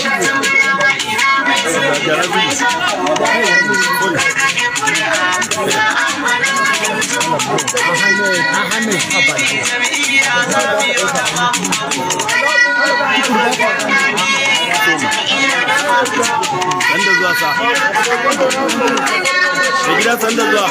sanda zuwa sa sanda zuwa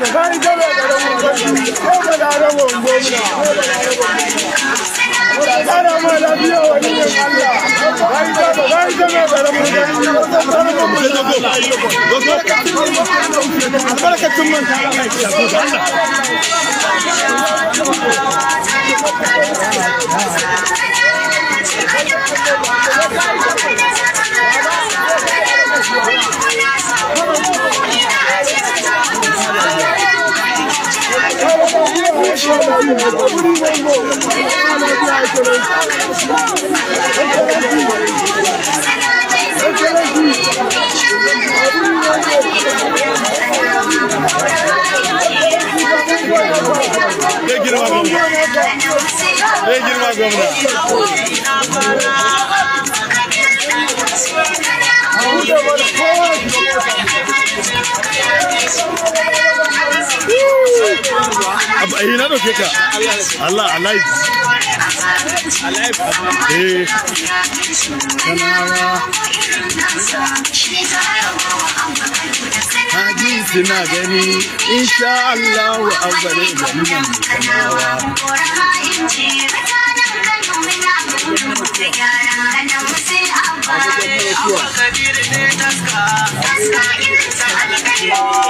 kai gaba da ko da ko da ma lafiya wani ne Allah kai gaba kai gaba da rabon ta ko Gel girme aklımına. Gel girme aklımına. eh na dauke ka Allah alive alive eh kanawa gani insha Allah wa azare da nan a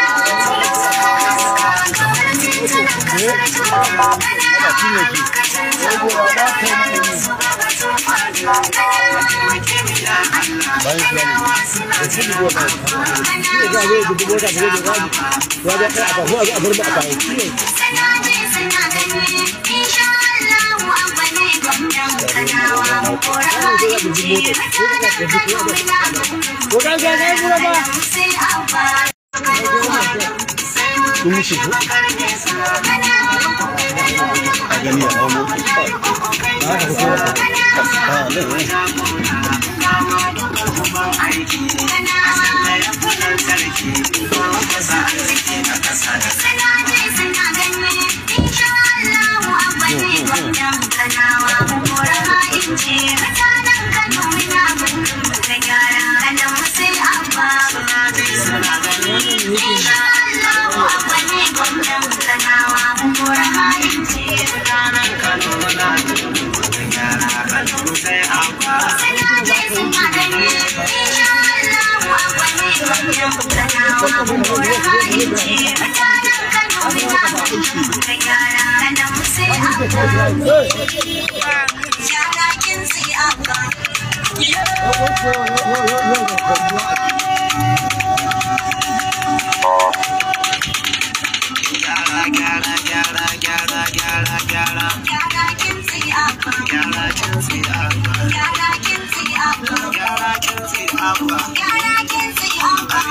Ko ka ga ga ba. sun mutu ko a gani a hawo na ka fito a nan ne Insha Allah, wa abane Gotta get the apple. Gotta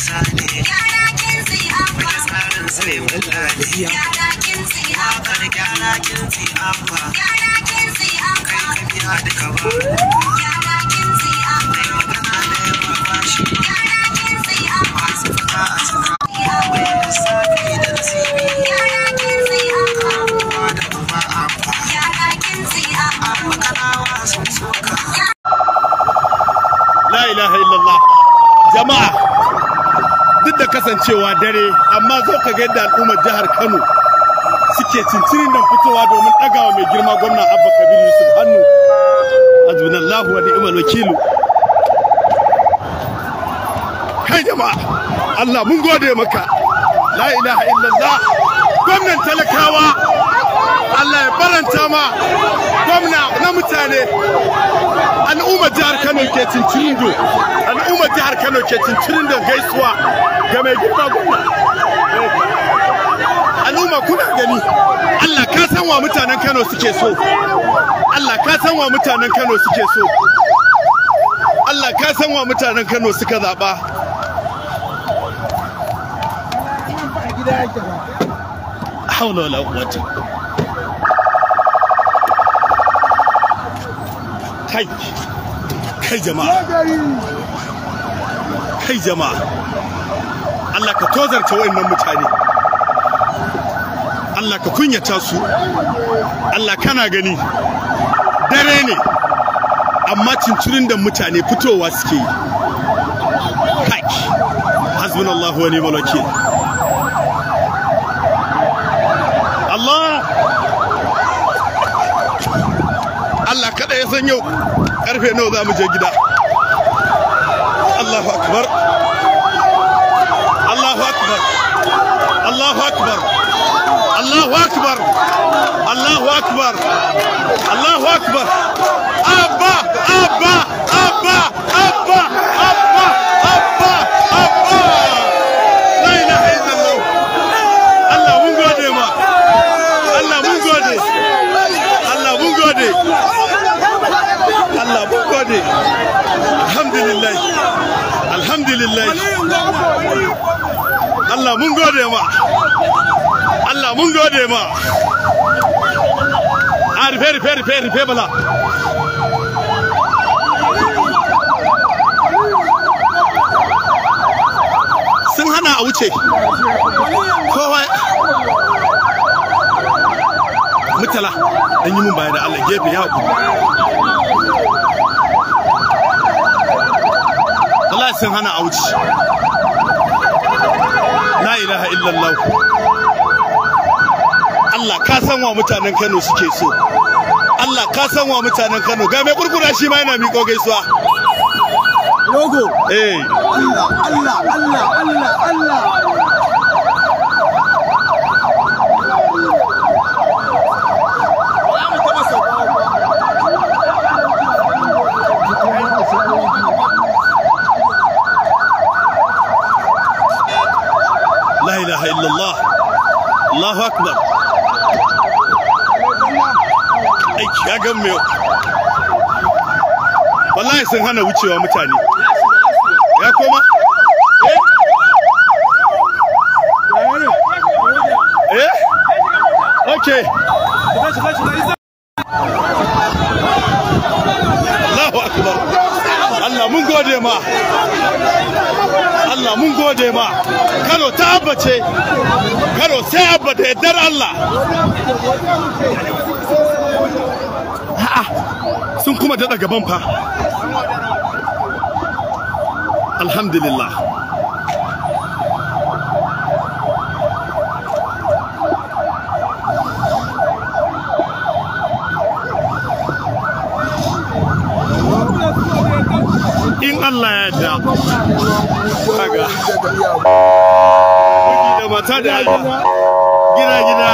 Hausa ne. Gyara kinsi Tsarin Suleimana ne. Gyara kinsi abba. Gyara kinsi abba. Kai ka biya amma zo ka ga yadda al'ummar jihar Kano suke cincirin nan fitowa domin ɗagawa mai girma gwamna Abba Kabir Yusuf hannu azbunallahu wa ni'mal wakilu kai jama'a Allah mun gode maka la ilaha illallah gwamnan talakawa Allah ya faranta ma gwamna na mutane al'umma jihar Kano ke do al'umma jihar Kano ke da gaisuwa ga mai girma gwamna al'umma kuna gani Allah ka san wa mutanen Kano suke so Allah ka san wa mutanen Kano suke so Allah ka san wa mutanen Kano suka zaba hawla wala quwwata kai kai jama'a kai jama'a Allah ka tozarta wayannan mutane Allah ka kunyata su Allah kana gani dare ne amma cincirin da mutane fitowa suke yi kai hasbunallahu wa ni'mal wakil Allah san yau karfe nawa za mu je gida Allahu akbar Allahu akbar Allahu akbar Allahu akbar Allahu akbar Allahu akbar Abba Abba Abba Abba Abba Abba Allah mun gode ma Allah mun gode ma Ari ah, feri feri feri rufe bala sun hana a wuce kowa mutala an yi mun baya da Allah gefe ya ku Allah sun hana a wuce la ilaha illallah Allah ka san wa mutanen Kano suke so Allah ka san wa mutanen Kano ga mai kurkura shi ma yana miƙo gaisuwa logo eh Allah Allah Allah Allah Allah ilaha illallah Allahu akbar aiki ya gan mai wallahi sun hana wucewa mutane ya koma eh, eh? okay Allahu akbar Allah mun gode ma Allah mun gode ma Kano ta abace Kano sai abata yaddar Allah a'a sun kuma daɗa gaban fa alhamdulillah in Allah ya yarda kaga miji da mata da gida gida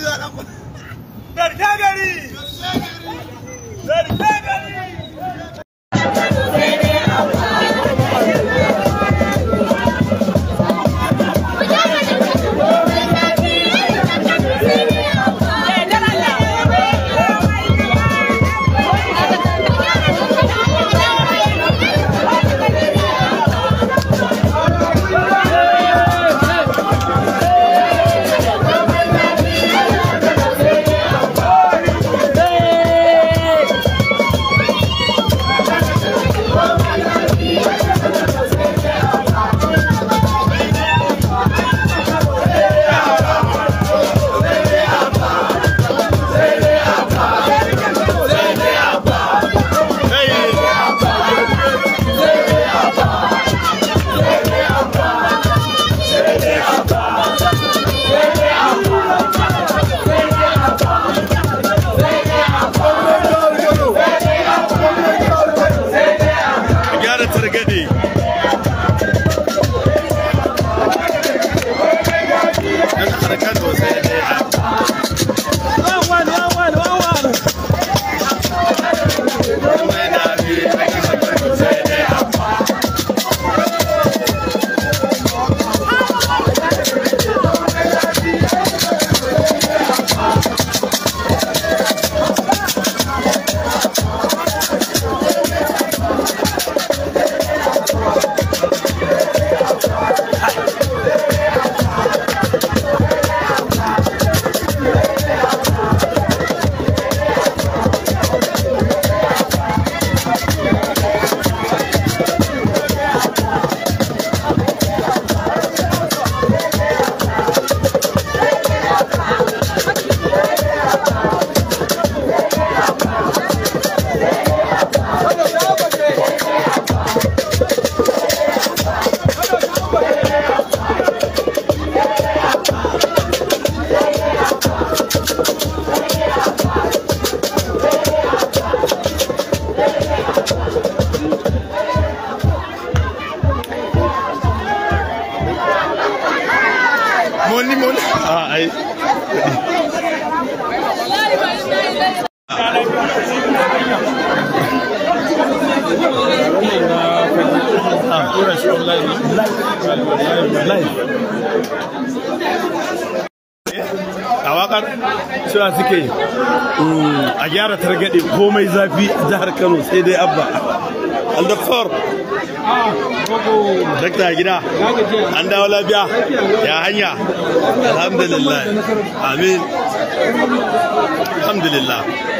这个，不。cewa suke mm, a gyara targaɗe komai zafi a jihar kano sai dai abba aldafar dakta gida an dawo lafiya ya hanya alhamdulillah amin alhamdulillah